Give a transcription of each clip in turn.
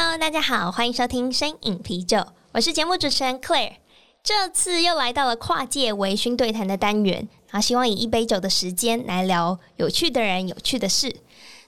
Hello，大家好，歡迎收聽《身影啤酒》，我是節目主持人 Claire。這次又來到了跨界微醺對談的單元，好希望以一杯酒的時間來聊有趣的人、有趣的事。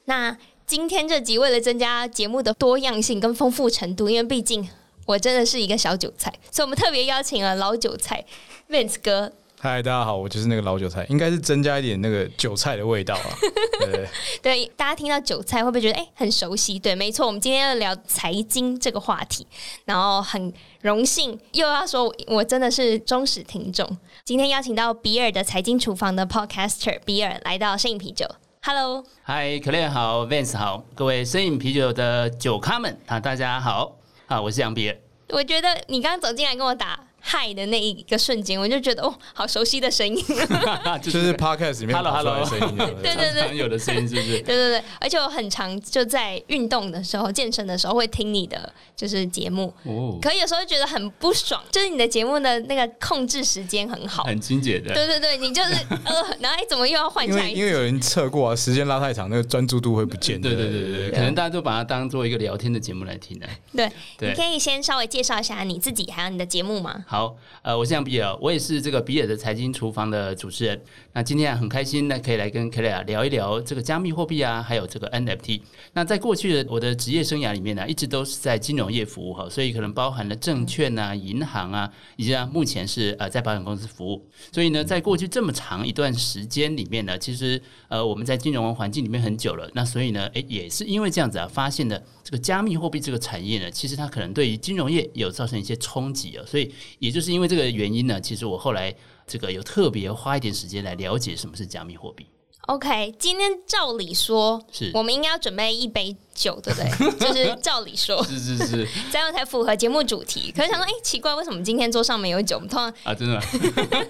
那今天這集為了增加節目的多樣性跟豐富程度，因為畢竟我真的是一個小韭菜，所以我們特別邀請了老韭菜 Vince 哥。嗨，大家好，我就是那個老韭菜，應該是增加一點那個韭菜的味道啊。 對，對，對，對，大家聽到韭菜會不會覺得哎、欸、很熟悉？對，沒錯，我們今天要聊財經這個話題，然後很榮幸又要說我，我真的是忠實聽眾，今天邀請到比爾的財經廚房的 Podcaster 比爾來到身影啤酒。Hello，嗨，Claire 好，Vince 好，各位身影啤酒的酒咖們啊，大家好啊，我是楊比爾。我覺得你剛剛走進來跟我打嗨的那一個瞬間，我就覺得哦，好熟悉的聲音 就是，就是 podcast 裡面很熟悉的聲音、就是，hello, hello. 對對對，朋友的聲音是、就、不是？ 對對對，而且我很常就在運動的時候、健身的時候會聽你的就是節目，哦，可有時候覺得很不爽，就是你的節目的那個控制時間很好，很精簡的，對對對，你就是呃，然後哎，怎麼又要換？ 因為因為有人測過啊，時間拉太長，那個專注度會不見，對對對，對，對，對可能大家都把它當做一個聊天的節目來聽呢、欸。對，你可以先稍微介紹一下你自己還有你的節目嗎？好。好，呃，我是楊比爾，我也是這個比爾的財經廚房的主持人。那今天很開心呢，可以來跟克萊兒聊一聊這個加密貨幣啊，還有這個 NFT。那在過去的我的職業生涯裡面呢，一直都是在金融業服務哈，所以可能包含了證券啊、銀行啊，以及目前是呃在保險公司服務。所以呢，在過去這麼長一段時間裡面呢，其實呃我們在金融環境裡面很久了。那所以呢，也是因為這樣子啊，發現的。這個、加密貨幣這個產業呢，其實它可能對於金融業有造成一些衝擊啊、哦，所以也就是因為這個原因呢，其實我後來這個有特別花一點時間來了解什麼是加密貨幣。OK，今天照理說是我們應該要準備一杯。酒對不對？就是照理說， 是是是，這樣才符合節目主題。可是想說，哎、欸，奇怪，為什麼今天桌上沒有酒？我們通常啊，真的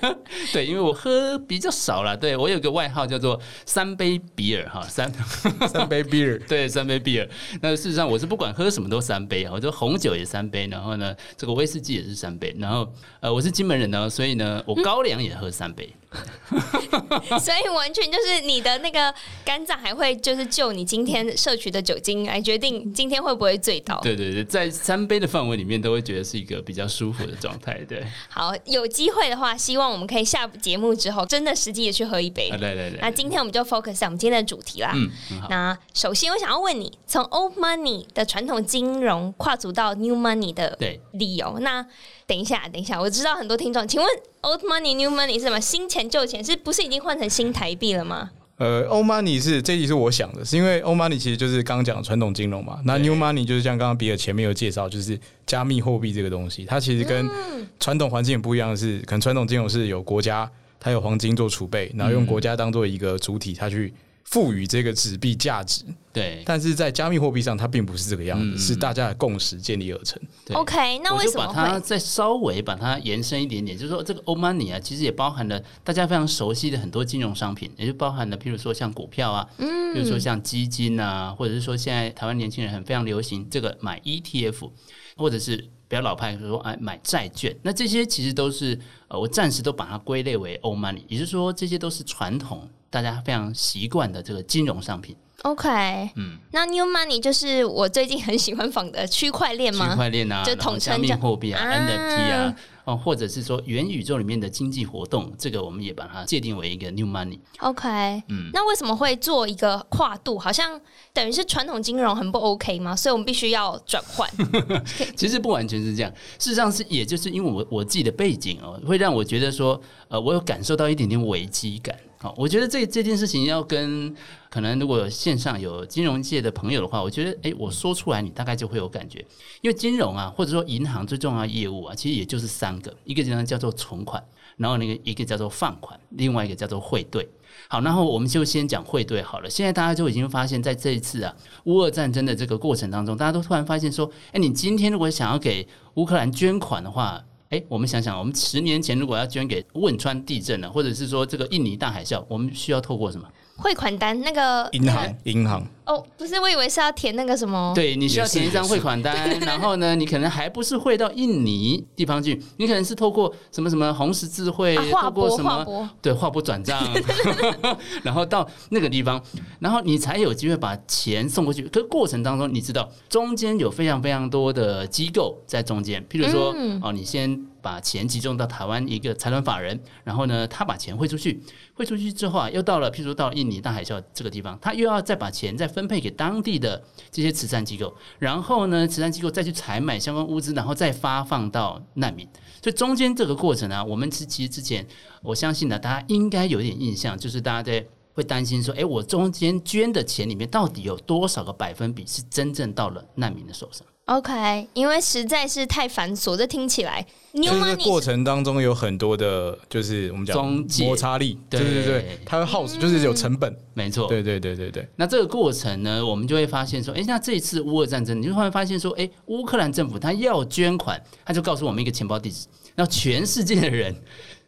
嗎， 對，因為我喝比較少了。對我有個外號叫做“三杯比爾”哈，三 三杯比爾，對，三杯比爾。那事實上，我是不管喝什麼都三杯啊，我覺得紅酒也三杯，然後呢，這個威士忌也是三杯，然後呃，我是金門人呢、哦，所以呢，我高粱也喝三杯。嗯、 所以完全就是你的那個肝臟還會就是就你今天攝取的酒精。來決定今天會不會醉倒，對對對，在三杯的範圍裡面，都會覺得是一個比較舒服的狀態。對，好，有機會的話，希望我們可以下節目之後真的實際的去喝一杯。好、啊，來來來，那今天我們就 focus 在我們今天的主題啦。嗯，好，那首先我想要問你，從 old money 的傳統金融跨足到 new money 的理由。對那等一下，等一下，我知道很多聽眾，請問 old money、new money 是什麼？新錢舊錢是不是已經換成新台幣了嗎？呃，old money 是這題是我想的，是因為 old money 其實就是剛剛講傳統金融嘛。那 new money 就是像剛剛比爾前面有介紹，就是加密貨幣這個東西，它其實跟傳統環境也不一樣的是，是可能傳統金融是有國家，它有黃金做儲備，然後用國家當做一個主體，它去賦予這個紙幣價值。對，但是在加密貨幣上，它並不是這個樣子、嗯，是大家的共識建立而成。嗯、OK，那為什麼？我就把它再稍微把它延伸一點點，就是說，這個歐曼尼啊，其實也包含了大家非常熟悉的很多金融商品，也就包含了譬如說像股票啊，嗯，比如說像基金啊，或者是說現在台灣年輕人很非常流行這個買 ETF，或者是比較老派說哎買債券，那這些其實都是呃我暫時都把它歸類為歐曼尼，也就是說，這些都是傳統大家非常習慣的這個金融商品。OK，嗯，那 New Money 就是我最近很喜歡仿的區塊鏈嗎？區塊鏈啊，就統稱叫加密貨幣啊，NFT 啊，哦、啊啊啊，或者是說元宇宙裡面的經濟活動，這個我們也把它界定為一個 New Money。OK，嗯，那為什麼會做一個跨度？好像等於是傳統金融很不 OK 嗎？所以我們必須要轉換 。其實不完全是這樣，事實上是也就是因為我我自己的背景哦、喔，會讓我覺得說，呃，我有感受到一點點危機感。好，我覺得這這件事情要跟可能，如果線上有金融界的朋友的話，我覺得誒，我說出來你大概就會有感覺，因為金融啊，或者說銀行最重要的業務啊，其實也就是三個，一個叫做叫做存款，然後那個一個叫做放款，另外一個叫做匯兌。好，然後我們就先講匯兌好了。現在大家就已經發現，在這一次啊烏俄戰爭的這個過程當中，大家都突然發現說，誒，你今天如果想要給烏克蘭捐款的話。哎、欸，我們想想，我們十年前如果要捐給汶川地震了，或者是說這個印尼大海嘯，我們需要透過什麼？匯款單那個銀行銀行哦，不是，我以為是要填那個什麼？對，你需要填一張匯款單，然後， 然後呢，你可能還不是匯到印尼地方去， 你，可方去 你可能是透過什麼什麼紅十字會，或、啊、過什麼波對，劃撥轉賬， 然後到那個地方，然後你才有機會把錢送過去。可過程當中，你知道中間有非常非常多的機構在中間，譬如說、嗯、哦，你先。把錢集中到台灣一個財團法人，然後呢，他把錢匯出去，匯出去之後啊，又到了譬如說到印尼大海嘯這個地方，他又要再把錢再分配給當地的這些慈善機構，然後呢，慈善機構再去採買相關物資，然後再發放到難民。所以中間這個過程呢，我們是其實之前我相信呢，大家應該有點印象，就是大家在會擔心說，誒，我中間捐的錢裡面到底有多少個百分比是真正到了難民的手上？OK，因為實在是太繁瑣，這聽起來。這個過程當中有很多的，就是我們講摩擦力，對，對對對，它會耗，嗯、就是有成本，沒錯，對對對對對，對。那這個過程呢，我們就會發現說，哎、欸，那這一次烏俄戰爭，你就會發現說，哎、欸，烏克蘭政府他要捐款，他就告訴我們一個錢包地址，那全世界的人。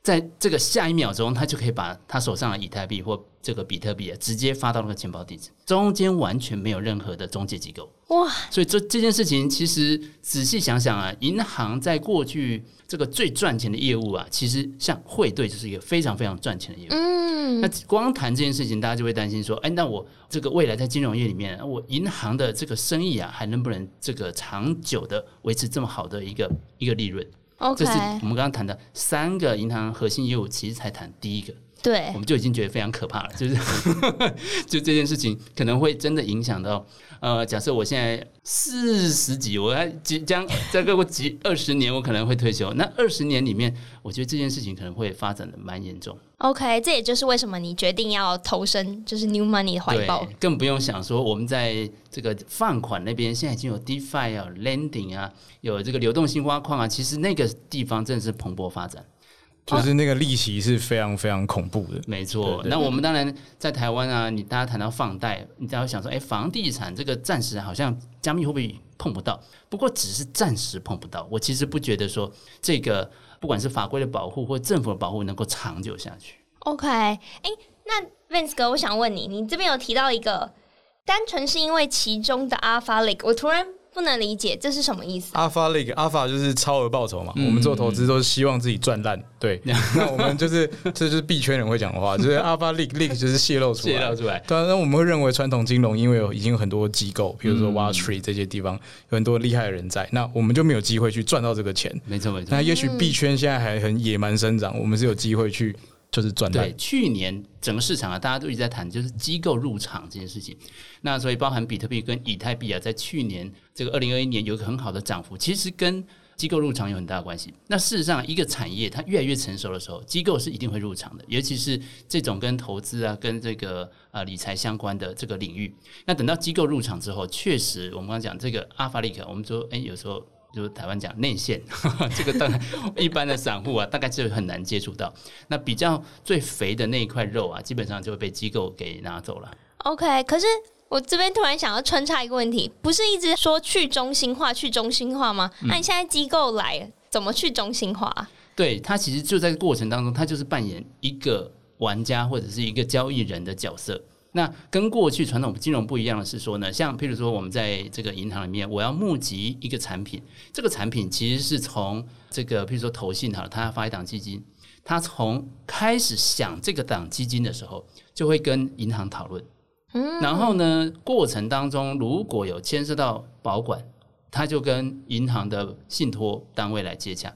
在這個下一秒鐘，他就可以把他手上的以太幣或這個比特幣啊，直接發到那個錢包地址，中間完全沒有任何的中介機構。哇！所以這這件事情，其實仔細想想啊，銀行在過去這個最賺錢的業務啊，其實像匯兌就是一個非常非常賺錢的業務。嗯，那光談這件事情，大家就會擔心說，哎，那我這個未來在金融業裡面，我銀行的這個生意啊，還能不能這個長久的維持這麼好的一個一個利潤？Okay. 這是我們剛剛談的三個銀行核心業務，其實才談第一個。對，我們就已經覺得非常可怕了，就是 就這件事情可能會真的影響到呃，假設我現在四十幾，我還即將再過幾二十 年我可能會退休，那二十年裡面，我覺得這件事情可能會發展的蠻嚴重。OK，這也就是為什麼你決定要投身就是 New Money 的懷抱，更不用想說我們在這個放款那邊現在已經有 DeFi 啊、Lending 啊、有這個流動性挖礦啊，其實那個地方真的是蓬勃發展。就是那個利息是非常非常恐怖的、啊，沒錯。那我們當然在台灣啊，你大家談到放貸，你大家會想說，哎、欸，房地產這個暫時好像加密會不會碰不到？不過只是暫時碰不到，我其實不覺得說這個不管是法規的保護或政府的保護能夠長久下去。OK，、欸、那 Vince 哥，我想問你，你這邊有提到一個單純是因為其中的阿法 p 我突然。不能理解這是什麼意思，啊？Alpha leak，Alpha 就是超額報酬嘛。嗯、我們做投資都是希望自己賺爛，對。嗯、那我們就是，這 就，就是幣圈人會講的話，就是 Alpha leak leak，leak 就是洩露出來。洩露出來。當然、啊，那我們會認為傳統金融因為有已經有很多機構，比如說 Wall Street 這些地方、嗯、有很多厲害的人在，那我們就沒有機會去賺到這個錢。沒錯沒錯。那也許幣圈現在還很野蠻生長，我們是有機會去。就是賺到對，去年整個市場啊，大家都一直在談，就是機構入場這件事情。那所以包含比特幣跟以太幣啊，在去年這個二零二一年有一個很好的漲幅，其實跟機構入場有很大的關係。那事實上，一個產業它越來越成熟的時候，機構是一定會入場的，尤其是這種跟投資啊、跟這個啊理財相關的這個領域。那等到機構入場之後，確實我們剛剛講這個阿法利克，我們說，哎、欸，有時候。就是台灣講內線，這個當然一般的散戶啊， 大概就很難接觸到。那比較最肥的那一塊肉啊，基本上就會被機構給拿走了。OK，可是我這邊突然想要穿插一個問題，不是一直說去中心化、去中心化嗎？嗯，那你現在機構來，怎麼去中心化啊？對，它其實就在過程當中，它就是扮演一個玩家或者是一個交易人的角色。那跟過去傳統金融不一樣的是說呢，像譬如說我們在這個銀行裡面，我要募集一個產品，這個產品其實是從這個譬如說投信，好了，他要發一檔基金，他從開始想這個檔基金的時候，就會跟銀行討論，然後呢，過程當中如果有牽涉到保管，他就跟銀行的信託單位來接洽。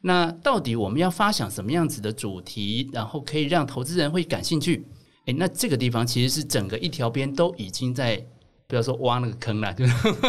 那到底我們要發想什麼樣子的主題，然後可以讓投資人會感興趣？誒、欸，那這個地方其實是整個一條邊都已經在，不要說挖那個坑了，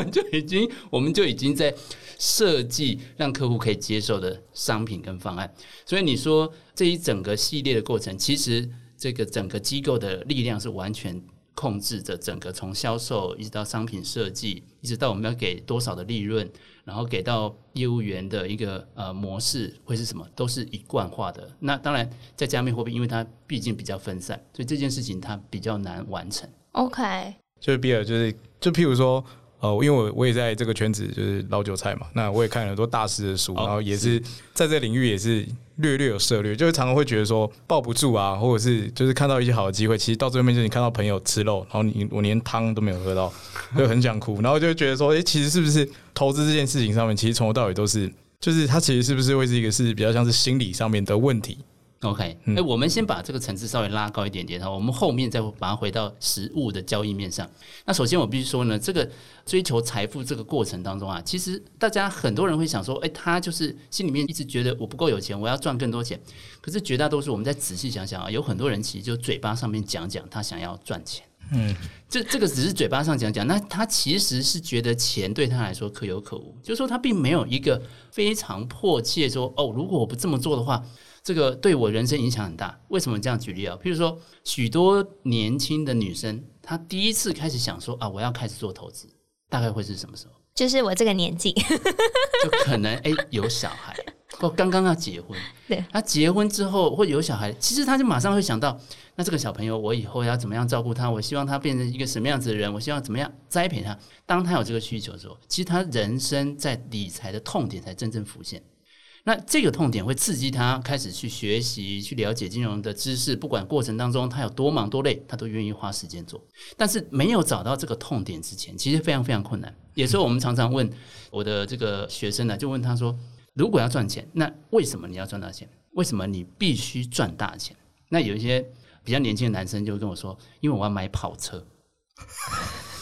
就已經我們就已經在設計讓客戶可以接受的商品跟方案，所以你說這一整個系列的過程，其實這個整個機構的力量是完全。控制着整個從銷售一直到商品設計，一直到我們要給多少的利潤，然後給到業務員的一個呃模式會是什麼，都是一貫化的。那當然，在加密貨幣，因為它畢竟比較分散，所以這件事情它比較難完成 okay。OK，就，就是比爾，就是就譬如說，呃，因為我我也在這個圈子就是老韭菜嘛，那我也看了很多大師的書，哦、然後也是，是在這個領域也是。略略有涉獵，就是常常會覺得說，抱不住啊，或者是就是看到一些好的機會，其實到最後面就是你看到朋友吃肉，然後你我連湯都沒有喝到，就很想哭，然後就會覺得說，哎、欸，其實是不是投資這件事情上面，其實從頭到尾都是，就是它其實是不是會是一個是比較像是心理上面的問題？OK，哎、嗯欸，我們先把這個層次稍微拉高一點點，然後我們後面再把它回到實務的交易面上。那首先我必須說呢，這個追求財富這個過程當中啊，其實大家很多人會想說，哎、欸，他就是心裡面一直覺得我不夠有錢，我要賺更多錢。可是絕大多數，我們再仔細想想啊，有很多人其實就嘴巴上面講講，他想要賺錢。嗯，這這個只是嘴巴上講講，那他其實是覺得錢對他來說可有可無，就是說他並沒有一個非常迫切說哦，如果我不這麼做的話，這個對我人生影響很大。為什麼這樣舉例啊？譬如說，許多年輕的女生，她第一次開始想說啊，我要開始做投資，大概會是什麼時候？就是我這個年紀， 就可能哎有小孩。或剛剛要結婚，對，他結婚之後會有小孩，其實他就馬上會想到，那這個小朋友我以後要怎麼樣照顧他？我希望他變成一個什麼樣子的人？我希望怎麼樣栽培他？當他有這個需求的時候，其實他人生在理財的痛點才真正浮現。那這個痛點會刺激他開始去學習、去了解金融的知識。不管過程當中他有多忙多累，他都願意花時間做。但是沒有找到這個痛點之前，其實非常非常困難。有時候我們常常問我的這個學生呢，就問他說，如果要賺錢，那為什麼你要賺大錢？為什麼你必須賺大錢？那有一些比較年輕的男生就跟我說：“因為我要買跑車。 ”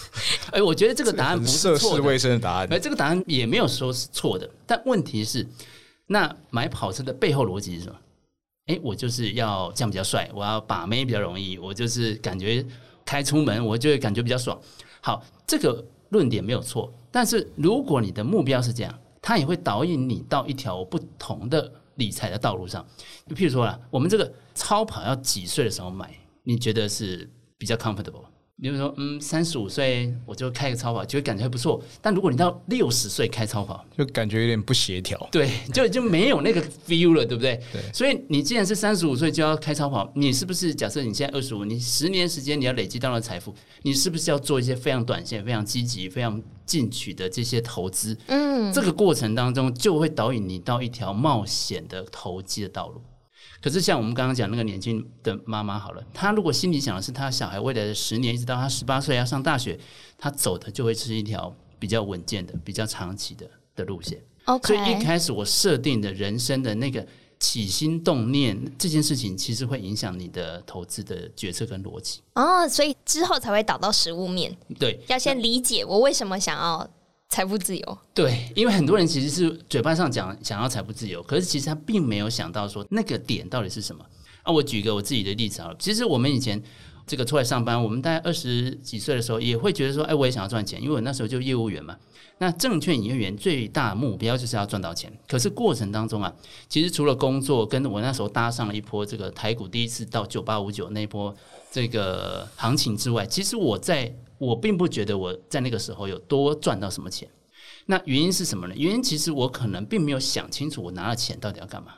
哎、 欸，我覺得這個答案不是錯的，涉世未深的答案。哎、欸，這個答案也沒有說是錯的。但問題是，那買跑車的背後邏輯是什麼？哎、欸，我就是要這樣比較帥，我要把妹比較容易，我就是感覺開出門我就會感覺比較爽。好，這個論點沒有錯。但是如果你的目標是這樣。他也會導引你到一條不同的理財的道路上，就譬如說啦，我們這個超跑要幾歲的時候買，你覺得是比較 comfortable？你比如說，嗯，三十五歲我就開個超跑，就會感覺還不錯。但如果你到六十歲開超跑，就感覺有點不協調。對，就就沒有那個 feel 了，對不對？對。所以你既然是三十五歲就要開超跑，你是不是假設你現在二十五，你十年時間你要累積到了財富，你是不是要做一些非常短線、非常積極、非常進取的這些投資？嗯。這個過程當中就會導引你到一條冒險的投機的道路。可是像我們剛剛講那個年輕的媽媽好了，她如果心裡想的是她小孩未來的十年，一直到她十八歲要上大學，她走的就會是一條比較穩健的、比較長期的的路線。Okay. 所以一開始我設定的人生的那個起心動念這件事情，其實會影響你的投資的決策跟邏輯。哦、oh，所以之後才會導到實務面。對，要先理解我為什麼想要。財富自由，對，因為很多人其實是嘴巴上講想要財富自由，可是其實他並沒有想到說那個點到底是什麼啊。我舉一個我自己的例子啊，其實我們以前這個出來上班，我們大概二十幾歲的時候也會覺得說，哎，我也想要賺錢，因為我那時候就業務員嘛。那證券營業員最大目標就是要賺到錢，可是過程當中啊，其實除了工作，跟我那時候搭上了一波這個台股第一次到九八五九那一波這個行情之外，其實我在。我並不覺得我在那個時候有多賺到什麼錢，那原因是什麼呢？原因其實我可能並沒有想清楚，我拿了錢到底要幹嘛。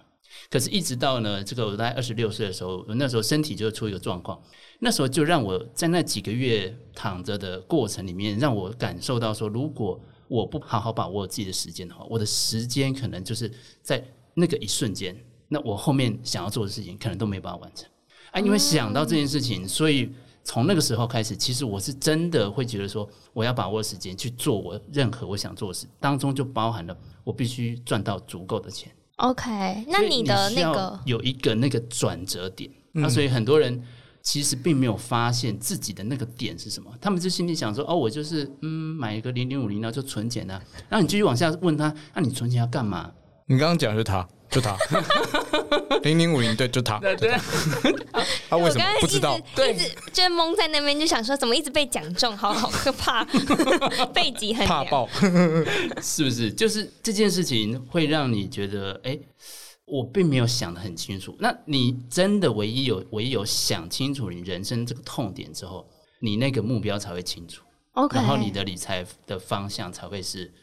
可是，一直到呢，這個我大概二十六歲的時候，那時候身體就出一個狀況，那時候就讓我在那幾個月躺着的過程裡面，讓我感受到說，如果我不好好把握我自己的時間的話，我的時間可能就是在那個一瞬間，那我後面想要做的事情可能都沒辦法完成。哎、啊，因為想到這件事情，所以。從那個時候開始，其實我是真的會覺得說，我要把握時間去做我任何我想做的事，當中就包含了我必須賺到足夠的錢。OK，那你的那個有一個那個轉折點，那、嗯、所以很多人其實並沒有發現自己的那個點是什麼，他們就心裡想說，哦，我就是嗯，買一個零零五零，然後就存錢啊，然後你繼續往下問他，那、啊、你存錢要幹嘛？你剛剛講的是他。就他，零零五零對，就他。對對對就他, 他為什麼不知道？對，一直就懵在那邊，就想說怎麼一直被講中，好好可怕， 背脊很怕爆， 是不是？就是這件事情會讓你覺得，哎、欸，我並沒有想得很清楚。那你真的唯一有唯一有想清楚你人生這個痛點之後，你那個目標才會清楚。Okay. 然後你的理財的方向才會是，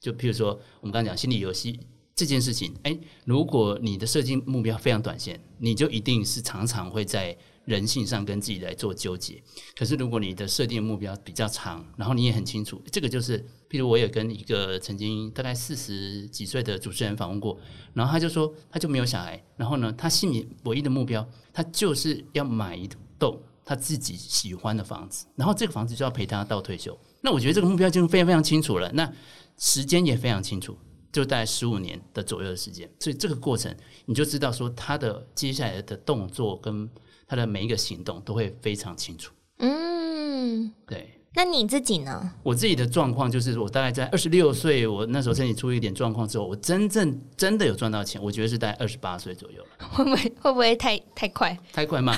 就譬如說我們剛剛講心理遊戲。這件事情，誒，如果你的設定目標非常短線，你就一定是常常會在人性上跟自己來做糾結。可是，如果你的設定目標比較長，然後你也很清楚，這個就是，譬如我也跟一個曾經大概四十幾歲的主持人訪問過，然後他就說，他就沒有小孩，然後呢，他心裡唯一的目標，他就是要買一棟他自己喜歡的房子，然後這個房子就要陪他到退休。那我覺得這個目標就非常非常清楚了，那時間也非常清楚。就大概十五年的左右的時間，所以這個過程，你就知道說他的接下來的動作跟他的每一個行動都會非常清楚。嗯，對。那你自己呢？我自己的狀況就是，我大概在二十六歲，我那時候身體出一點狀況之後，我真正真的有賺到錢，我覺得是在二十八歲左右。會不會會不會太太快？太快嗎？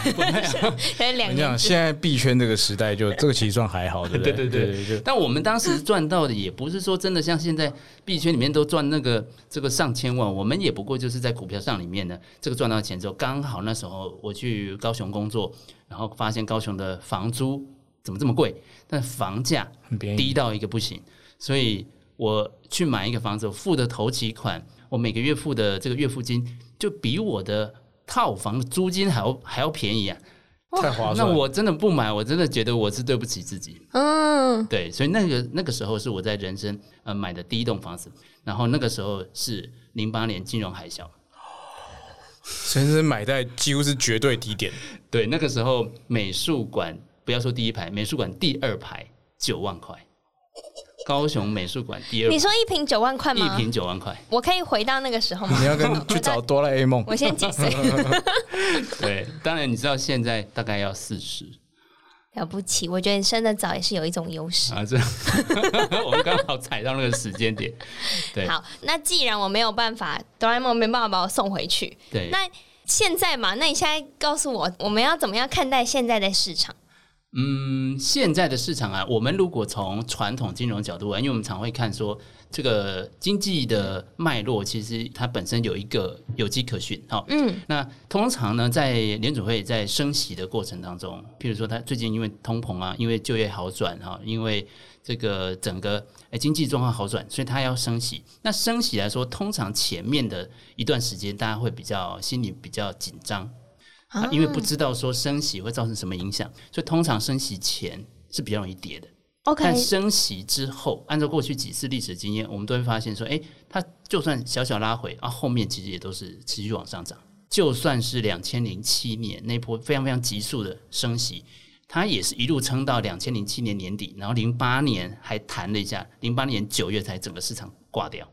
兩 你講現在幣圈這個時代就，就 這個其實算還好，對不對？ 對對對對，對，對。但我們當時賺到的也不是說真的像現在幣圈裡面都賺那個這個上千萬，我們也不過就是在股票上裡面的這個賺到錢之後，剛好那時候我去高雄工作，然後發現高雄的房租，怎麼這麼貴？但房價低到一個不行，所以我去買一個房子，我付的頭期款，我每個月付的這個月付金就比我的套房的租金還要還要便宜啊！太划算，那我真的不買，我真的覺得我是對不起自己。嗯、啊，對，所以那個那個時候是我在人生呃買的第一棟房子，然後那個時候是零八年金融海嘯，真是買在幾乎是絕對低點。對，那個時候美術館。不要說第一排，美術館第二排九萬塊。高雄美術館第二，你說一瓶九萬塊嗎？一瓶九萬塊，我可以回到那個時候嗎？你要跟去找哆啦 A 夢？我現在幾歲？ 對，當然你知道現在大概要四十。了不起，我覺得你生的早也是有一種優勢啊！這， 我們剛好踩到那個時間點。對，好，那既然我沒有辦法，哆啦 A 夢沒辦法把我送回去。對，那現在嘛，那你現在告訴我，我們要怎麼樣看待現在的市場？嗯，現在的市場啊，我們如果從傳統金融角度啊，因為我們常會看說，這個經濟的脈絡其實它本身有一個有跡可循，哈，嗯，那通常呢，在聯準會在升息的過程當中，譬如說它最近因為通膨啊，因為就業好轉哈，因為這個整個、欸、經濟狀況好轉，所以它要升息。那升息來說，通常前面的一段時間，大家會比較心裡比較緊張。啊，因為不知道說升息會造成什麼影響，所以通常升息前是比較容易跌的。OK，但升息之後，按照過去幾次歷史經驗，我們都會發現說，欸，它就算小小拉回啊，後面其實也都是持續往上漲。就算是兩千零七年那波非常非常急速的升息，它也是一路撐到兩千零七年年底，然後零八年還彈了一下，零八年九月才整個市場掛掉。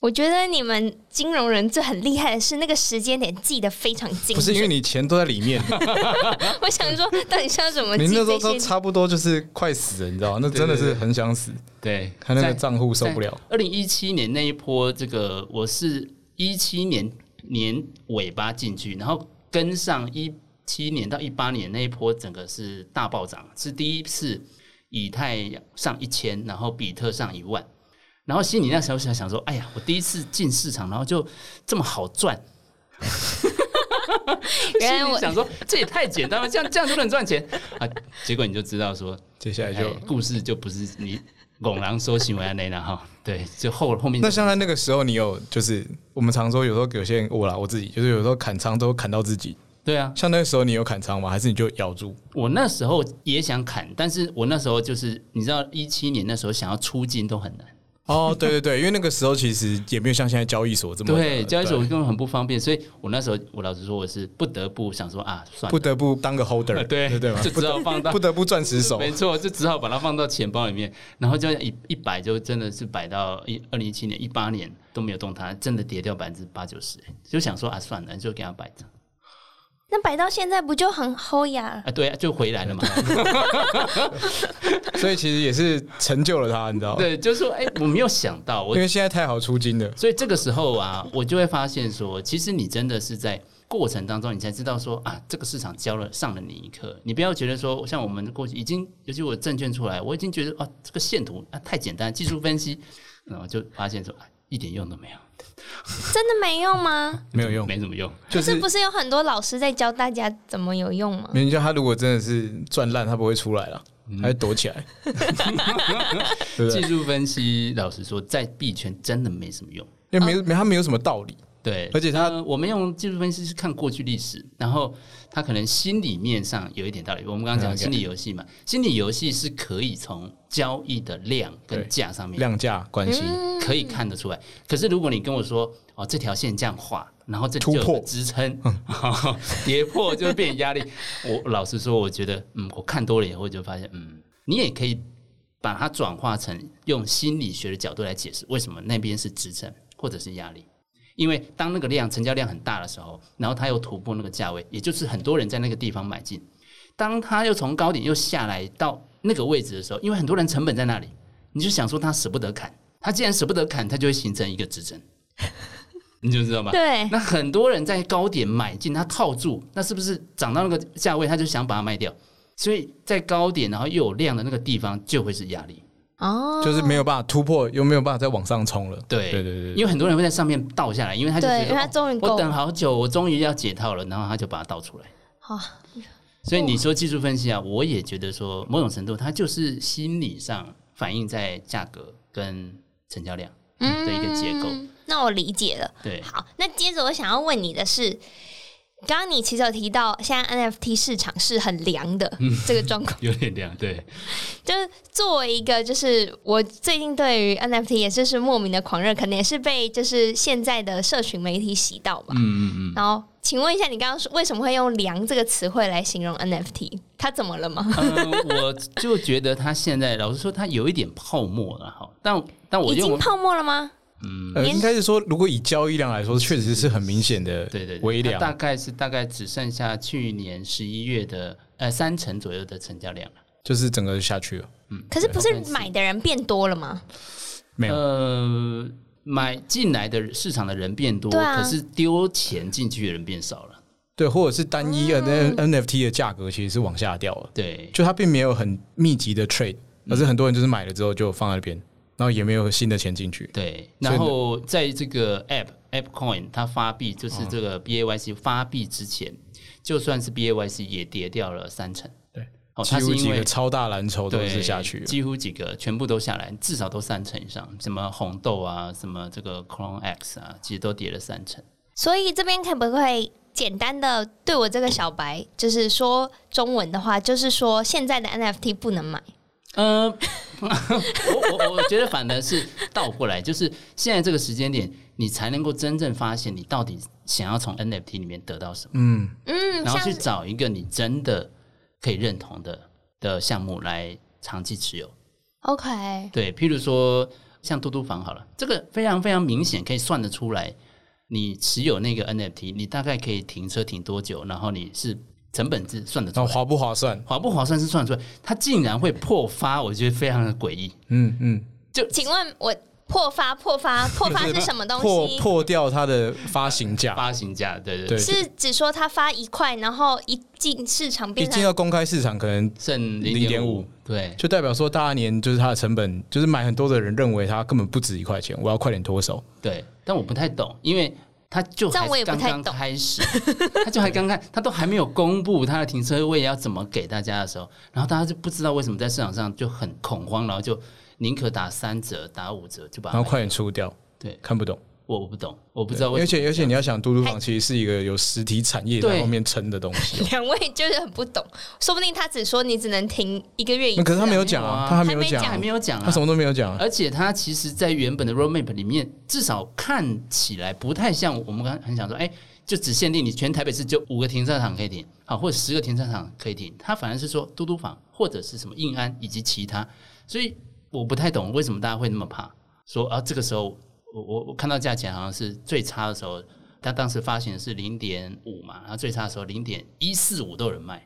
我覺得你們金融人最很厲害的是那個時間點記得非常精確。 不是因為你錢都在裡面。 我想說，到底像什麼？你那時候都差不多就是快死了，你知道嗎？那真的是很想死。對，對，看那個賬戶受不了。二零一七年那一波，這個我是一七年年尾巴進去，然後跟上一七年到一八年那一波，整個是大暴漲，是第一次以太上一千，然後比特上一萬。然後心裡那時候想想說，哎呀，我第一次進市場，然後就這麼好賺，哈哈哈哈哈！心裡想說，這也太簡單了，這樣這樣就能賺錢啊？結果你就知道說，接下來就、哎、故事就不是你拱狼說行為安例了哈。 對，就後後面那像在那個時候，你有就是我們常說有時候有些人我了我自己就是有時候砍倉都砍到自己。對啊，像那個時候你有砍倉嗎？還是你就咬住？我那時候也想砍，但是我那時候就是你知道，一七年那時候想要出金都很難。哦、 oh,，對對對，因為那個時候其實也沒有像現在交易所這麼 對，交易所根本很不方便，所以我那時候我老實說，我是不得不想說啊，算了，不得不當個 holder， 對對不對，就只好放到不得不鑽石手， 沒錯，就只好把它放到錢包裡面， 然後就這樣一一擺，就真的是擺到一二零一七年一八年都沒有動它，真的跌掉百分之八九十，就想說啊，算了，就給它擺着。那擺到現在不就很厚呀？啊，對啊，就回來了嘛。 所以其實也是成就了他，你知道嗎？對，就是說，哎、欸，我沒有想到我，因為現在太好出金了，所以這個時候啊，我就會發現說，其實你真的是在過程當中，你才知道說啊，這個市場交了上了你一課。你不要覺得說，像我們過去已經，尤其我證券出來，我已經覺得啊，這個線圖啊太簡單，技術分析，然後就發現說，啊，一點用都沒有。 真的沒用嗎？沒有用，沒什麼用。就是，是不是有很多老師在教大家怎麼有用嗎？沒教他，如果真的是賺爛，他不會出來了，嗯，他會躲起來。 技術分析， 老實說，在幣圈真的沒什麼用，因為沒、okay. 他沒有什麼道理。對，而且他我們用技術分析是看過去歷史，然後他可能心理面上有一點道理。我們剛剛講心理遊戲嘛、嗯，心理遊戲是可以從交易的量跟價上面，量價關係、嗯、可以看得出來。可是如果你跟我說哦，這條線這樣畫，然後這裡就有個支撐，突破支撐、嗯，跌破就會變壓力。 我老實說，我覺得嗯，我看多了以後就發現，嗯，你也可以把它轉化成用心理學的角度來解釋，為什麼那邊是支撐或者是壓力。因為當那個量成交量很大的時候，然後他又突破那個價位，也就是很多人在那個地方買進。當他又從高點又下來到那個位置的時候，因為很多人成本在那裡，你就想說他捨不得砍。他既然捨不得砍，他就會形成一個支撐， 你就知道吧？對。那很多人在高點買進，他套住，那是不是漲到那個價位，他就想把它賣掉？所以在高點，然後又有量的那個地方，就會是壓力。哦、oh，就是沒有辦法突破，又沒有辦法再往上衝了。對，對對對。因為很多人會在上面倒下來，因為他就覺得，因為他終於、哦，我等好久，我終於要解套了，然後他就把它倒出來。好、oh.，所以你說技術分析啊，oh. 我也覺得說，某種程度它就是心理上反映在價格跟成交量的一個結構、嗯。那我理解了。對，好，那接着我想要問你的是，剛剛你其實有提到，現在 NFT 市場是很涼的這個狀況，嗯，有點涼，對。就是作為一個，就是我最近對於 NFT 也是，就是莫名的狂熱，可能也是被就是現在的社群媒體洗到吧。嗯嗯嗯。然後，請問一下，你剛剛說為什麼會用“涼”這個詞彙來形容 NFT？它怎麼了嗎？嗯，我就覺得它現在老實說，它有一點泡沫了、啊、哈。但但我，我已經泡沫了嗎？嗯，應該是說，如果以交易量來說，確實是很明顯的微量，是是對對對大概是大概只剩下去年十一月的、嗯、呃三成左右的成交量了，就是整個就下去了。嗯，可是不是買的人變多了嗎？嗯、沒有，呃，買進來的市場的人變多，對啊、可是丟錢進去的人變少了。對，或者是單一的 NFT 的價格其實是往下掉了。對、嗯，就它並沒有很密集的 trade，而是很多人就是買了之後就放在那邊。然後也沒有新的錢進去。對，然後在這個 App App Coin 它發幣，就是這個 B A Y C 發幣之前，嗯、就算是 B A Y C 也跌掉了三成。對，哦，它是因為超大藍籌都是下去，幾乎幾個全部都下來，至少都三成以上。什麼紅豆啊，什麼這個 Clone X 啊，其實都跌了三成。所以這邊可不可以簡單的對我這個小白，就是說中文的話，就是說現在的 N F T 不能買？嗯、uh, 我我我覺得反而是倒過來， 就是現在這個時間點，你才能夠真正發現你到底想要從 NFT 裡面得到什麼。嗯嗯，然後去找一個你真的可以認同的的項目來長期持有。OK，嗯、對，譬如說像嘟嘟房好了，這個非常非常明顯，可以算得出來，你持有那個 NFT，你大概可以停車停多久，然後你是。成本是算得出來，划不划算？划不划算是算得出來。它竟然會破發，我覺得非常的詭異。嗯嗯。就，請問我破發、破發、 破發是什麼東西？破，破掉它的發行價，發行價。對對對。對是指說它發一塊，然後一進市場變成，一進到公開市場，可能剩零點五。對。就代表說，大年就是它的成本，就是買很多的人認為它根本不值一塊錢，我要快點脫手。對。但我不太懂，因為。他就還剛剛開始，他就還剛開，他都還沒有公布他的停車位要怎麼給大家的時候，然後大家就不知道為什麼在市場上就很恐慌，然後就寧可打三折、打五折，就把然後快點出掉，對，看不懂。我我不懂，我不知道。而且而且，你要想，嘟嘟房其實是一個有實體產業在後面撐的東西喔。兩、欸、 位就是很不懂，說不定他只說你只能停一個月一次，可是他沒有講啊，啊，他還沒有講，還沒有講，他什麼都沒有講啊。而且他其實，在原本的 roadmap 裡面，至少看起來不太像我們剛很想說，哎、欸，就只限定你全台北市就五個停車場可以停，啊，或者十個停車場可以停。他反而是說，嘟嘟房或者是什麼印安以及其他，所以我不太懂為什麼大家會那麼怕，說啊，這個時候。我我我看到價錢好像是最差的時候，他當時發行的是零點五嘛，然後最差的時候零點一四五都有人賣，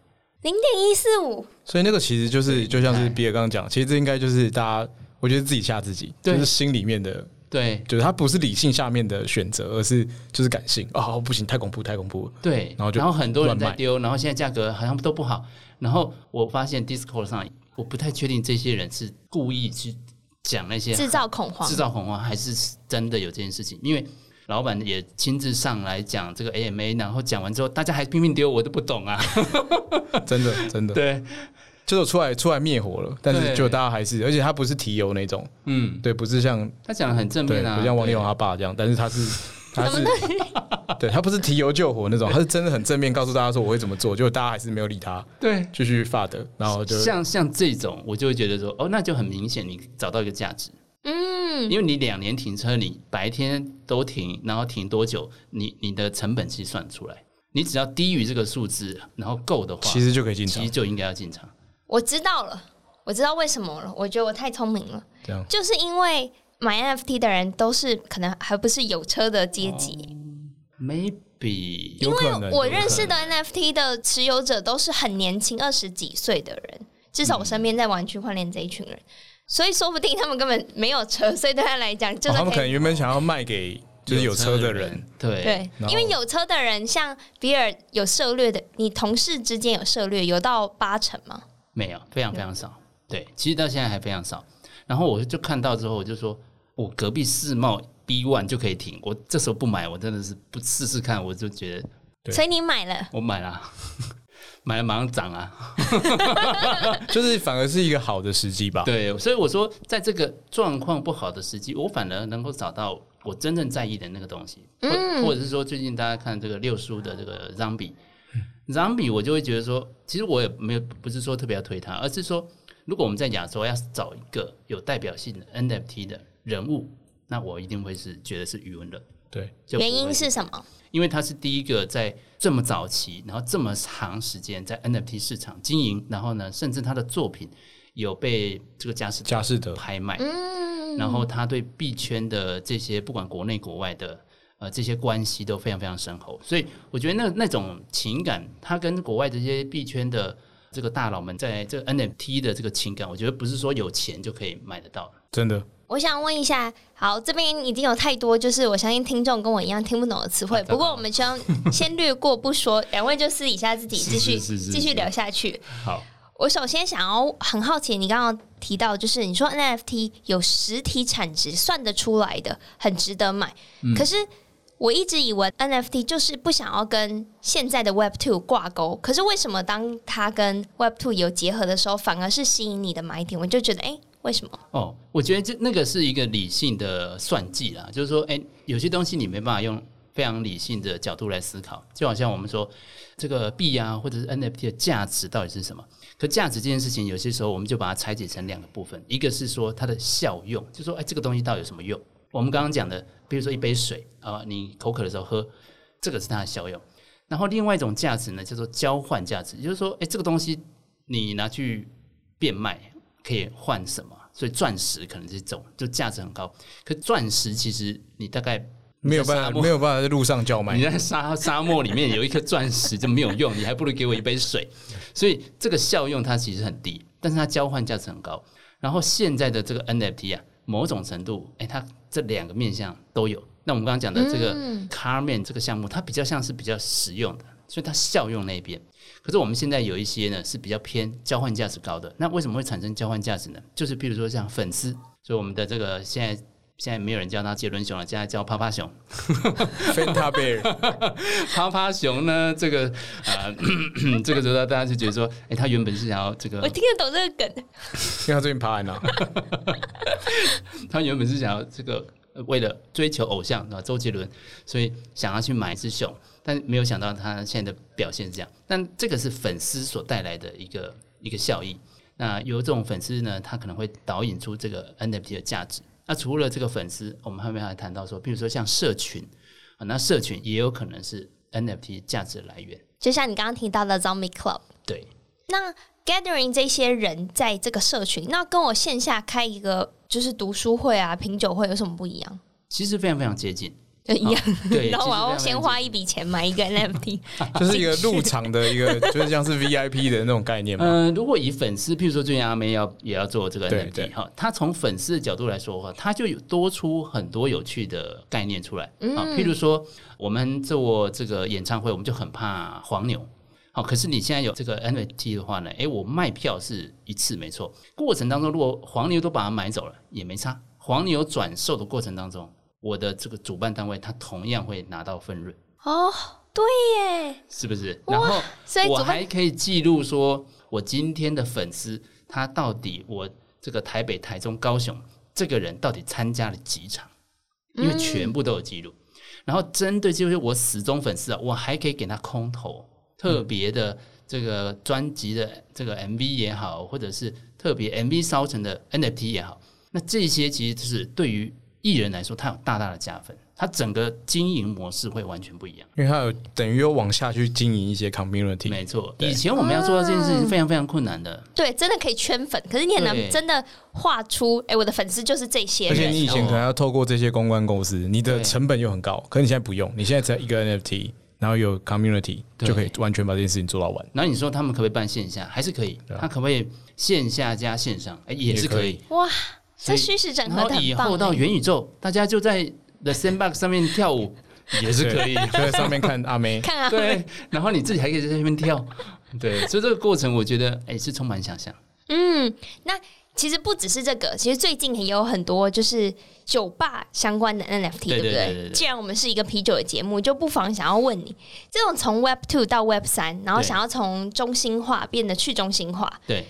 零點一四五，所以那個其實就是就像是比爾剛剛講，其實這應該就是大家我覺得自己嚇自己，就是心裡面的對、嗯，就是他不是理性下面的選擇，而是就是感性哦，不行，太恐怖，太恐怖了，對，對，然後就然後很多人在丟，然後現在價格好像都不好，然後我發現 Discord 上，我不太確定這些人是故意去。講那些制造恐慌，制造恐慌還是真的有這件事情。因為老板也親自上來講這個 A M A，然後講完之後，大家還拼命丟我,我都不懂啊 真，真的真的對，就是出來出來滅火了。但是就大家還是，而且他不是提油那種，嗯，對，不是像他講的很正面啊，不像王力宏他爸這樣，但是他是。 他是，對他不是提油救火那種，他是真的很正面告訴大家說我會怎麼做，結果大家還是沒有理他，對，繼續發的，然後就像像這種，我就會覺得說，哦，那就很明顯，你找到一個價值，嗯，因為你兩年停車，你白天都停，然後停多久，你你的成本其實算出來，你只要低於這個數字，然後夠的話，其實就可以進場，其實就應該要進場。我知道了，我知道為什麼了，我覺得我太聰明了，就是因為。買 NFT 的人都是可能還不是有車的階級，maybe，因為我認識的 NFT 的持有者都是很年輕，二十幾歲的人，至少我身邊在玩區塊鏈這一群人，所以說不定他們根本沒有車，所以對他來講，就是他們可能原本想要賣給就是有車的人，對對，因為有車的人像比爾有涉獵的，你同事之間有涉獵有到八成嗎？沒有，非常非常少，對，其實到現在還非常少。然後我就看到之後，我就說。我隔壁世貿 B One 就可以停，我這時候不買，我真的是不試試看，我就覺得。所以你買了。我買了，買了馬上漲啊 就是反而是一個好的時機吧。 對，所以我說，在這個狀況不好的時機，我反而能夠找到我真正在意的那個東西，或或者是說，最近大家看這個六叔的這個 Zombie Zombie 我就會覺得說，其實我也沒有不是說特別要推它，而是說，如果我們在亞洲要找一個有代表性的 NFT 的人物，那我一定會是覺得是余文樂。對就，原因是什麼？因為他是第一個在這麼早期，然後這麼長時間在 NFT 市場經營，然後呢，甚至他的作品有被這個佳士佳士得拍賣。嗯，然後他對幣圈的這些，不管國內國外的呃這些關係都非常非常深厚。所以我覺得那那種情感，他跟國外這些幣圈的這個大佬們在這個 NFT 的這個情感，我覺得不是說有錢就可以買得到。真的。我想問一下，好，這邊已經有太多，就是我相信聽眾跟我一樣聽不懂的詞彙、啊。不過我們先先略過不說，兩 位就私底下自己繼續繼續聊下去。好，我首先想要很好奇，你剛剛提到就是你說 NFT 有實體產值算得出來的，很值得買。嗯、可是我一直以為 NFT 就是不想要跟現在的 Web Two 掛鈎。可是為什麼當它跟 Web Two 有結合的時候，反而是吸引你的買點？我就覺得哎。欸為什麼？哦，我覺得這那個是一個理性的算計啊，就是說，哎、欸，有些東西你沒辦法用非常理性的角度來思考，就好像我們說這個幣啊，或者是 NFT 的價值到底是什麼？可價值這件事情，有些時候我們就把它拆解成兩個部分，一個是說它的效用，就是、說哎、欸，這個東西到底有什麼用？我們剛剛講的，比如說一杯水啊，你口渴的時候喝，這個是它的效用。然後另外一種價值呢，叫做交換價值，也就是說，哎、欸，這個東西你拿去變賣。可以換什麼？所以鑽石可能是種，就價值很高。可鑽石其實你大概沒有辦法，沒有辦法在路上叫賣。你在沙漠，你在沙漠裡面有一顆鑽石就沒有用，你還不如給我一杯水。所以這個效用它其實很低，但是它交換價值很高。然後現在的這個 NFT 啊，某種程度，哎，它這兩個面向都有。那我們剛剛講的這個 Carmen 這個項目，它比較像是比較實用的，所以它效用那邊。可是我們現在有一些呢是比較偏交換價值高的，那為什麼會產生交換價值呢？就是譬如說像粉絲，所以我們的這個現在現在沒有人叫他傑倫熊了，現在叫趴趴熊 ，Phanta Bear。趴 趴熊呢，這個呃咳咳，這個時候大家就覺得說，哎、欸，他原本是想要這個，我聽得懂這個梗，因為他最近爬完了，他原本是想要這個。為了追求偶像，對吧？周杰倫，所以想要去買一隻熊，但沒有想到他現在的表現是這樣。但這個是粉絲所帶來的一個一個效益。那有這種粉絲呢，他可能會導引出這個 NFT 的價值。那除了這個粉絲，我們後面還談到說，比如說像社群，那社群也有可能是 NFT 價值的來源。就像你剛剛提到的 Zombie Club，對，那。Gathering 這些人在這個社群，那跟我線下開一個就是讀書會啊、品酒會有什麼不一樣？其實非常非常接近，就一、嗯、樣、哦嗯。對，然後我要先花一筆錢買一個 NFT，就是一個入場的一個，就是像是 VIP 的那種概念嘛。嗯，如果以粉絲，譬如說最近阿妹要也要做這個 NFT 哈，他從粉絲的角度來說的話，他就有多出很多有趣的概念出來啊、嗯。譬如說，我們做這個演唱會，我們就很怕黃牛。好，可是你現在有這個 NFT 的話呢？哎，我賣票是一次沒錯，過程當中如果黃牛都把它買走了也沒差，黃牛轉售的過程當中，我的這個主辦單位他同樣會拿到分潤。哦，對耶，是不是？然後我還可以記錄說，我今天的粉絲他到底我這個台北、台中、高雄這個人到底參加了幾場，因為全部都有記錄。嗯、然後針對就是我死忠粉絲啊，我還可以給他空投。特別的這個專輯的這個 MV 也好，或者是特別 MV 燒成的 NFT 也好，那這些其實就是對於藝人來說，它，有大大的加分，它整個經營模式會完全不一樣，因為它有等於有往下去經營一些 community 沒。沒錯，以前我們要做到這件事情是非常非常困難的對。嗯，對，真的可以圈粉，可是你很難真的畫出，哎、欸，我的粉絲就是這些人。而且你以前可能要透過這些公關公司，你的成本又很高，可是你現在不用，你現在只有一個 NFT。然後有 community 就可以完全把這件事情做到完。然後你說他們可不可以辦線下？還是可以。啊、他可不可以線下加線上？哎，也是可以。可以哇，所以這虛實整合很棒，然後以後到元宇宙，欸、大家就在 the Sandbox 上面跳舞，也是可以。 就在上面看阿妹 看阿妹。然後你自己還可以在上面跳 對。對，所以這個過程我覺得，哎，是充滿想象。嗯，那。其實不只是這個，其實最近也有很多就是酒吧相關的 NFT，對不對？對對對對對對。既然我們是一個啤酒的節目，就不妨想要問你，這種從 Web 2到 Web 3，然後想要從中心化變得去中心化，對？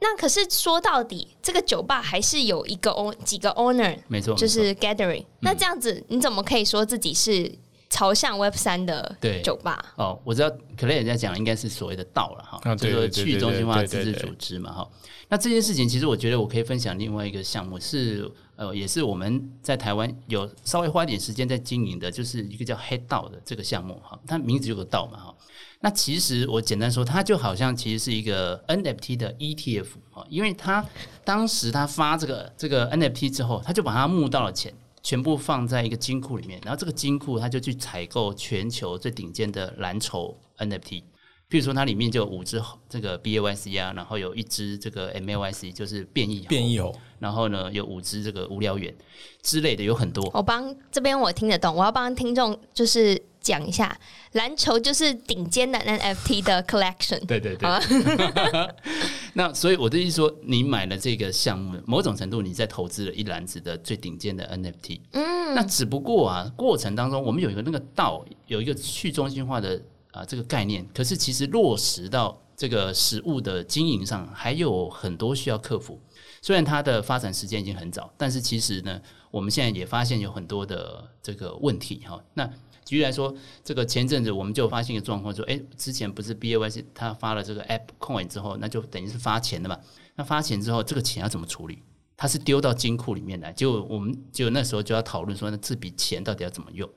那可是說到底，這個酒吧還是有一個 o 幾個 owner，沒錯，就是 gathering。那這樣子，你怎麼可以說自己是？朝向 Web 三的，酒吧對哦，我知道 Claire 也在講，應該是所謂的道“道”了哈，就是去中心化的自治組織嘛哈。對對對對對對，那這件事情，其實我覺得我可以分享另外一個項目是，呃，也是我們在台灣有稍微花一點時間在經營的，就是一個叫“黑道”的這個項目哈。它名字有個“道”嘛哈。那其實我簡單說，它就好像其實是一個 NFT 的 ETF 哈，因為它當時它發這個這個 NFT 之後，它就把它募到了錢。全部放在一個金庫裡面，然後這個金庫他就去採購全球最頂尖的藍籌 NFT，譬如說它裡面就有五隻這個 BAYC 啊，然後有一隻這個 MAYC 就是變異，變異猴，然後呢有五隻這個無聊猿之類的有很多。我幫這邊我聽得懂，我要幫聽眾就是。講一下，藍籌就是頂尖的 NFT 的 collection。 對對對。 那所以我的意思說，你買了這個項目，某種程度你在投資了一籃子的最頂尖的 NFT。嗯。那只不過啊，過程當中我們有一個那個道，有一個去中心化的啊這個概念，可是其實落實到這個實務的經營上，還有很多需要克服。雖然它的發展時間已經很早，但是其實呢，我們現在也發現有很多的這個問題哈。那舉例來說，這個前陣子我們就發現一個狀況，就是，說，哎，之前不是 B A Y C 他發了這個 App Coin 之後，那就等於是發錢了嘛？那發錢之後，這個錢要怎麼處理？他是丟到金庫裡面來，就我們就那時候就要討論說，那這筆錢到底要怎麼用？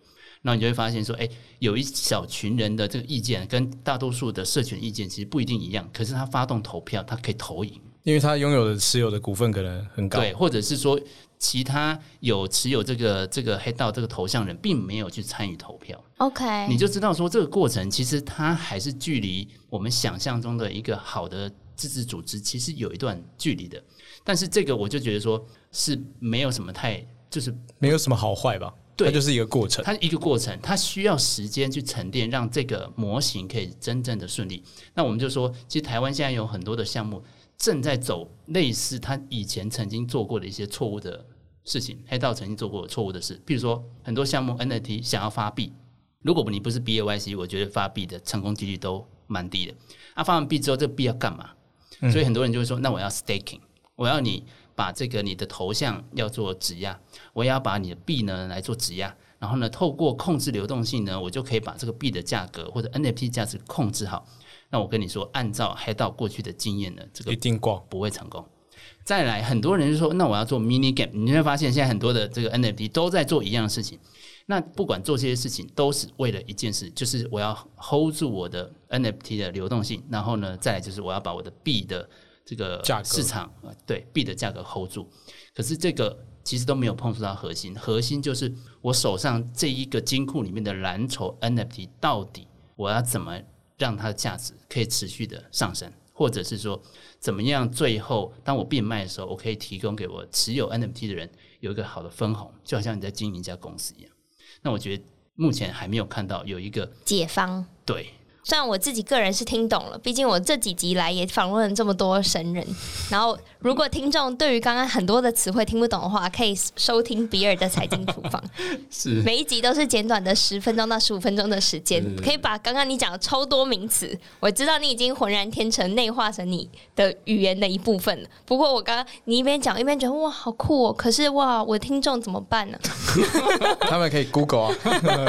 那你就會發現說，哎，有一小群人的這個意見跟大多數的社群意見其實不一定一樣，可是他發動投票，他可以投贏，因為他擁有的持有的股份可能很高，對，或者是說。其他有持有這個這個黑道這個頭像人，並沒有去參與投票。OK，你就知道說這個過程，其實它還是距離我們想象中的一個好的自治組織，其實有一段距離的。但是這個，我就覺得說是沒有什麼太，就是沒有什麼好壞吧。對，它就是一個過程，它一個過程，它需要時間去沉澱，讓這個模型可以真正的順利。那我們就說，其實台灣現在有很多的項目。正在走類似他以前曾經做過的一些錯誤的事情，黑道曾經做過錯誤的事，譬如說很多項目 NFT 想要發幣，如果你不是 BYC，我覺得發幣的成功幾率都蠻低的。啊，那發完幣之後，這個幣要幹嘛？所以很多人就會說，那我要 staking，我要你把這個你的頭像要做質押，我也要把你的幣呢來做質押，然後呢，透過控制流動性呢，我就可以把這個幣的價格或者 NFT 價值控制好。那我跟你說，按照黑道過去的經驗呢，這個一定過不會成功。再來，很多人就說，那我要做 mini game，你會發現現在很多的這個 NFT 都在做一樣的事情。那不管做這些事情，都是為了一件事，就是我要 hold 住我的 NFT 的流動性。然後呢，再來就是我要把我的幣的這個市場，價格，對，幣的價格 hold 住。可是這個其實都沒有碰觸到核心，核心就是我手上這一個金庫裡面的藍籌 NFT 到底我要怎麼？讓它的價值可以持續的上升，或者是說，怎麼樣？最後當我變賣的時候，我可以提供給我持有 NFT 的人有一個好的分紅，就好像你在經營一家公司一樣。那我覺得目前還沒有看到有一個解方。對。雖然我自己個人是聽懂了，畢竟我這幾集來也訪問了這麼多神人。然後，如果聽眾對於剛剛很多的詞彙聽不懂的話，可以收聽比爾的財經廚房。 是，每一集都是簡短的十分鐘到十五分鐘的時間，可以把剛剛你講的超多名詞，我知道你已經渾然天成內化成你的語言的一部分了。不過，我剛剛你一邊講一邊覺得哇好酷哦，可是哇我聽眾怎麼辦呢？ 他們可以 Google 啊。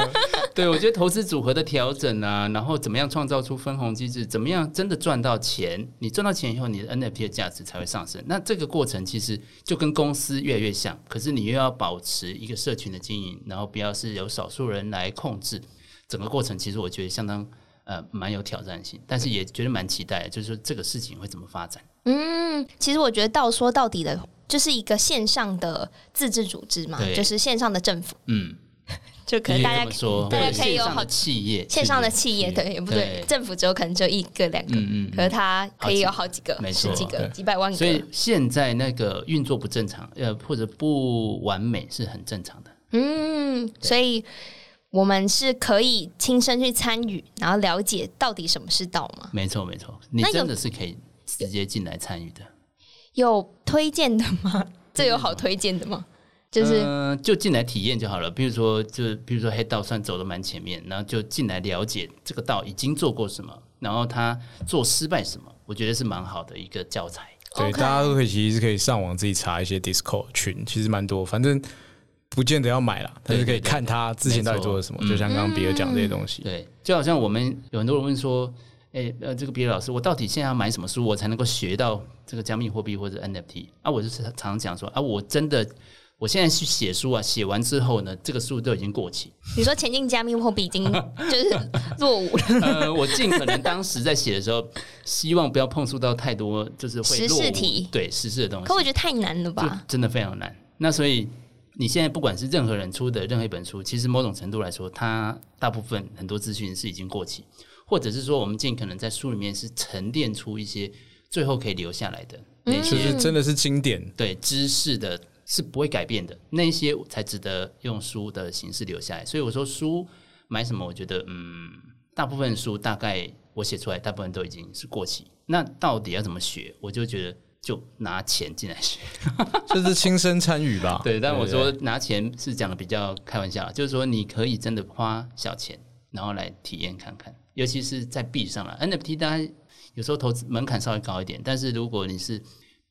對，我覺得投資組合的調整啊，然後怎麼樣？創造出分紅機制，怎麼樣真的賺到錢？你賺到錢以後，你的 NFT 的價值才會上升。那這個過程其實就跟公司越來越像，可是你又要保持一個社群的經營，然後不要是由少數人來控制。整個過程其實我覺得相當呃蠻有挑戰性，但是也覺得蠻期待，就是說這個事情會怎麼發展？嗯，其實我覺得到說到底的，就是一個線上的自治組織嘛，就是線上的政府。嗯。就可能大家以說大家可以有好企業線上的企業,的的企業對也不對,對,對,對？政府只有可能只有一個兩個、嗯嗯，可是它可以有好幾個、幾十幾個,十幾個、嗯、幾百萬個。所以現在那個運作不正常，呃，或者不完美是很正常的。嗯，所以我們是可以親身去參與，然後了解到底什麼是 DAO 嗎？沒錯，沒錯，你真的是可以直接進來參與的有。有推薦的嗎？這有好推薦的嗎？就是，呃、就進來體驗就好了。比如說，就比如說黑道算走的蠻前面，然後就進來了解這個道已經做過什麼，然後他做失敗什麼，我覺得是蠻好的一個教材。Okay. 對，大家都可以其實是可以上網自己查一些 Discord 群，其實蠻多。反正不見得要買了，但是可以看他之前到底做了什麼。對對對，就像剛剛比爾講這些東西、嗯，對，就好像我們有很多人問說：“哎、欸，呃，這個比爾老師，我到底現在要買什麼書，我才能夠學到這個加密貨幣或者 NFT？” 啊，我就是常講說：“啊，我真的。”我現在去寫書啊，寫完之後呢，這個書都已經過期。你說錢進加密貨幣已經就是落伍了 。呃，我盡可能當時在寫的時候，希望不要碰觸到太多就是落伍的，對，時事的東西。可我覺得太難了吧？真的非常難。那所以你現在不管是任何人出的任何一本書，其實某種程度來說，它大部分很多資訊是已經過期，或者是說我們盡可能在書裡面是沉澱出一些最後可以留下來的哪些，就是真的是經典對知識的。是不會改變的，那一些我才值得用書的形式留下來。所以我說，書買什麼？我覺得，嗯，大部分書大概我寫出來，大部分都已經是過期。那到底要怎麼學？我就覺得，就拿錢進來學，就是親身參與吧。 對，但我說拿錢是講得比較開玩笑對對對，就是說你可以真的花小錢，然後來體驗看看，尤其是在幣上了 NFT，當然有時候投資門檻稍微高一點，但是如果你是。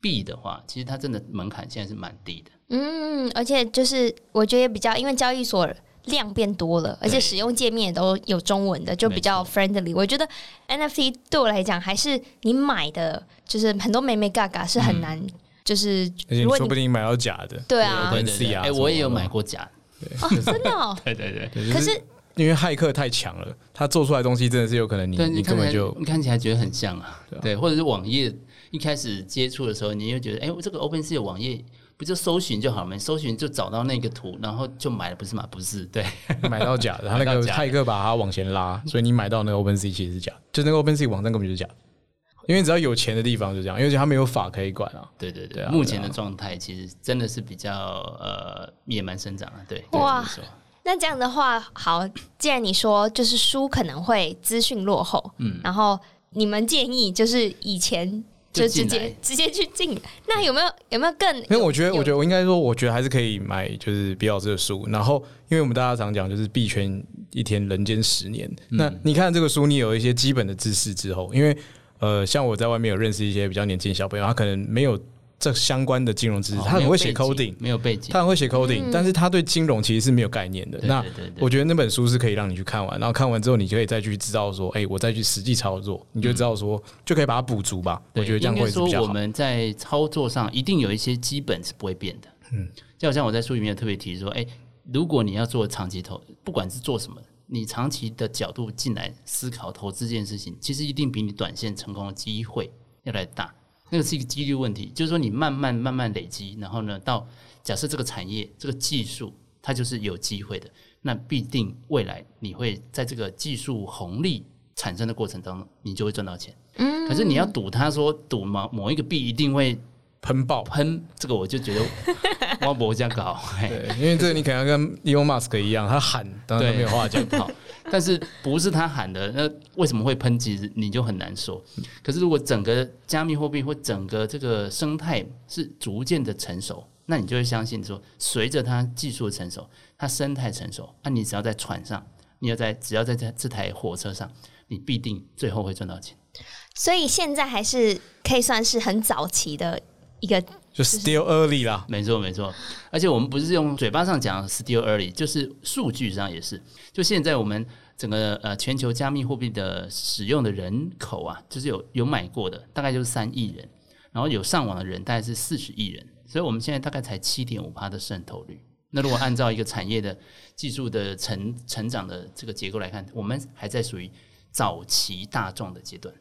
B 的話，其實它真的門檻現在是蠻低的。嗯，而且就是我覺得也比較，因為交易所量變多了，而且使用介面也都有中文的，就比較 friendly。我覺得 NFT 對我來講還是你買的就是很多美美嘎嘎是很難，嗯、就是你你說不定買到假的。對啊，哎、欸，我也有買過假對、哦，真的、哦。 對，對對對。可是、就是、因為駭客太強了，他做出來的東西真的是有可能你你，你根本就你看起來覺得很像啊，對，啊對，或者是網頁。一開始接觸的時候，你又覺得，哎、欸，我這個 OpenSea 的網頁不就搜尋就好嗎？搜尋就找到那個圖，然後就買了，不是嗎？不是，對，買到假的 買到假的，然後那個泰克把它往前拉， 所以你買到那個 OpenSea 其實是假，就那個 OpenSea 網站根本就是假，因為只要有錢的地方就這樣，因為他沒有法可以管了、啊。對對對，對啊對啊、目前的狀態其實真的是比較呃野蠻生長啊。對，哇對，那這樣的話，好，既然你說就是書可能會資訊落後，嗯，然後你們建議就是以前。就直接直接去進，那有沒有有沒有更有？因為我覺得，我覺得我應該說，我覺得還是可以買，就是比爾這個書。然後，因為我們大家常講，就是幣圈一天人間十年、嗯。那你看這個書，你有一些基本的知識之後，因為呃，像我在外面有認識一些比較年輕小朋友，他可能沒有。這相關的金融知識、哦，他很會寫 coding，沒有背景，他很會寫 coding，、嗯、但是他對金融其實是沒有概念的對對對對對。那我覺得那本書是可以讓你去看完，然後看完之後，你就可以再去知道說，哎、欸，我再去實際操作，你就知道說，嗯、就可以把它補足吧。我覺得這樣會比較好。應該說我們在操作上一定有一些基本是不會變的。嗯，就好像我在書裡面有特別提說，哎、欸，如果你要做長期投，不管是做什麼，你長期的角度進來思考投資這件事情，其實一定比你短線成功的機會要來大。那個是一個幾率問題，就是說你慢慢慢慢累積，然後呢，到假設這個產業這個技術它就是有機會的，那必定未來你會在這個技術紅利產生的過程當中，你就會賺到錢。嗯。可是你要賭它說，賭某某一個幣一定會噴爆噴，這個我就覺得汪博這樣搞， 對，因為這個你可能要跟 Elon Musk 一樣，他喊當然沒有話講。 但是不是他喊的，那為什麼會噴？其實，你就很難說。可是如果整個加密貨幣或整個這個生態是逐漸的成熟，那你就會相信說，隨着它技術成熟，它生態成熟，那、啊、你只要在船上，你要在只要在這這台火車上，你必定最後會賺到錢。所以現在還是可以算是很早期的一個。就 still early 啦，沒錯沒錯，而且我們不是用嘴巴上講 still early，就是數據上也是。就現在我們整個呃全球加密貨幣的使用的人口啊，就是有有買過的大概就是三億人，然後有上網的人大概是四十億人，所以我們現在大概才七點五趴的滲透率。那如果按照一個產業的技術的成成長的這個結構來看，我們還在屬於早期大眾的階段。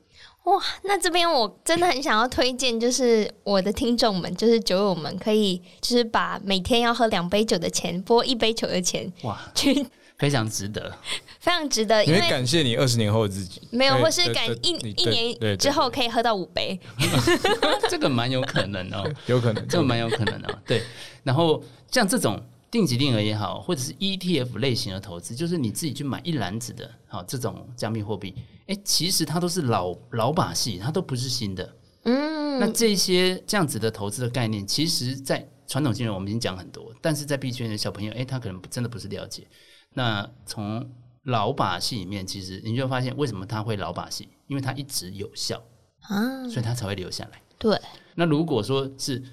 哇，那這邊我真的很想要推薦，就是我的聽眾們，就是酒友們，可以就是把每天要喝兩杯酒的錢，撥一杯酒的錢，哇，去非常值得，非常值得，因為感謝你二十年後的自己，沒有，或是感一一年之後可以喝到五杯，對對對 這個蠻有可能哦，有可能，這個蠻有可能的哦，對，然後像這種。定期定額也好，或者是 ETF 類型的投資，就是你自己去買一籃子的、哦，這種加密貨幣、欸，其實它都是老老把戲，它都不是新的、嗯。那這些這樣子的投資的概念，其實，在傳統金融我們已經講很多，但是在幣圈的小朋友、欸，他可能真的不是了解。那從老把戲裡面，其實你就發現為什麼它會老把戲，因為它一直有效、啊、所以它才會留下來。對。那如果說是，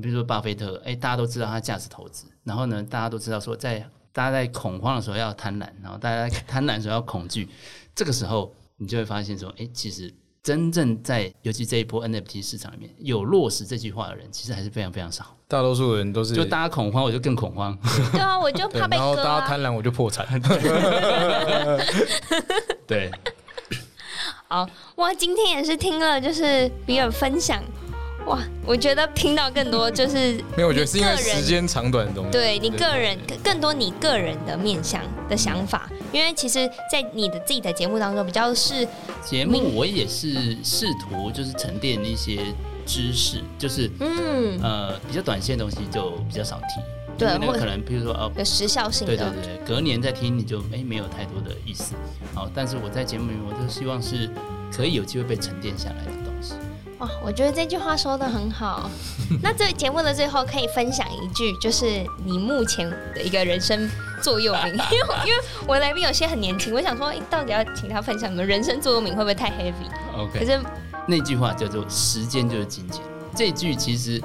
比如說巴菲特，欸、大家都知道他價值投資。然後呢，大家都知道說在，在大家在恐慌的時候要貪婪，然後大家在貪婪的時候要恐懼。 這個時候，你就會發現說，哎、欸，其實真正在尤其這一波 NFT 市場裡面，有落實這句話的人，其實還是非常非常少。大多數人都是，就大家恐慌，我就更恐慌。 對啊，我就怕被割、啊、然後大家貪婪，我就破產。 對， 對。 好，我今天也是聽了，就是比爾分享。哇，我覺得聽到更多就是沒有，我覺得是因為時間長短的東西，對你個人更多你個人的面向的想法、嗯，因為其實，在你的自己的節目當中，比較是節目，我也是試圖就是沉澱一些知識，就是嗯呃比較短線的東西就比較少提，對，因為可能比如說哦、啊、有時效性的，對對對，隔年再聽你就沒、哎、沒有太多的意思。好，但是我在節目裡面，我就希望是可以有機會被沉澱下來的東西。哇，我覺得這句話說得很好。 那這節目的最後可以分享一句，就是你目前的一個人生座右銘。因 為因為我來賓有些很年輕，我想說、欸，到底要請他分享什麼人生座右銘，會不會太 heavy？OK、okay.。可是那句話叫做“時間就是金錢”，這句其實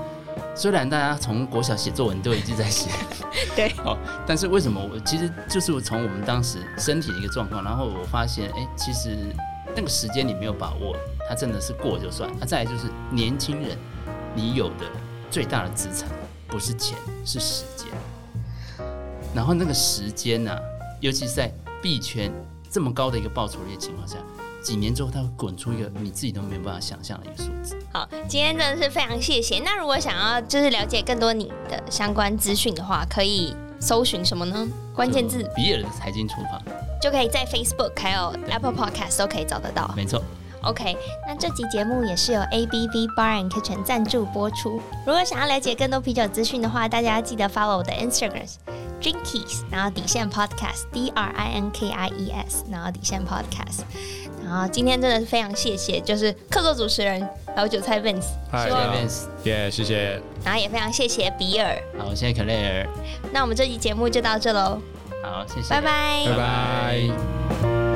雖然大家從國小寫作文都一直在寫。 對。哦，但是為什麼我？其實就是從我們當時身體的一個狀況，然後我發現，哎、欸，其實。那個時間你沒有把握，他真的是過就算。那、啊、再來就是年輕人，你有的最大的資產不是錢，是時間。然後那個時間呢、啊，尤其是在幣圈這麼高的一個報酬率的情況下，幾年之後它會滾出一個你自己都沒有辦法想象的一個數字。好，今天真的是非常謝謝。那如果想要就是了解更多你的相關資訊的話，可以搜尋什麼呢？關鍵字：比爾的財經廚房。就可以在 Facebook 還有 Apple Podcast 都可以找得到。沒錯。OK，那這集節目也是由 ABB Bar and Kitchen 贊助播出。如果想要了解更多啤酒資訊的話，大家記得 follow 我的 Instagram Drinkies，然後底線 Podcast D R I N K I E S，然後底線 Podcast。然後今天真的是非常謝謝，就是客座主持人還有韭菜 Vince，Hi Vince，Yeah 謝謝。然後也非常謝謝比爾，好，謝謝 Claire。那我們這集節目就到這嘍。好，謝謝，拜拜，拜拜。Bye bye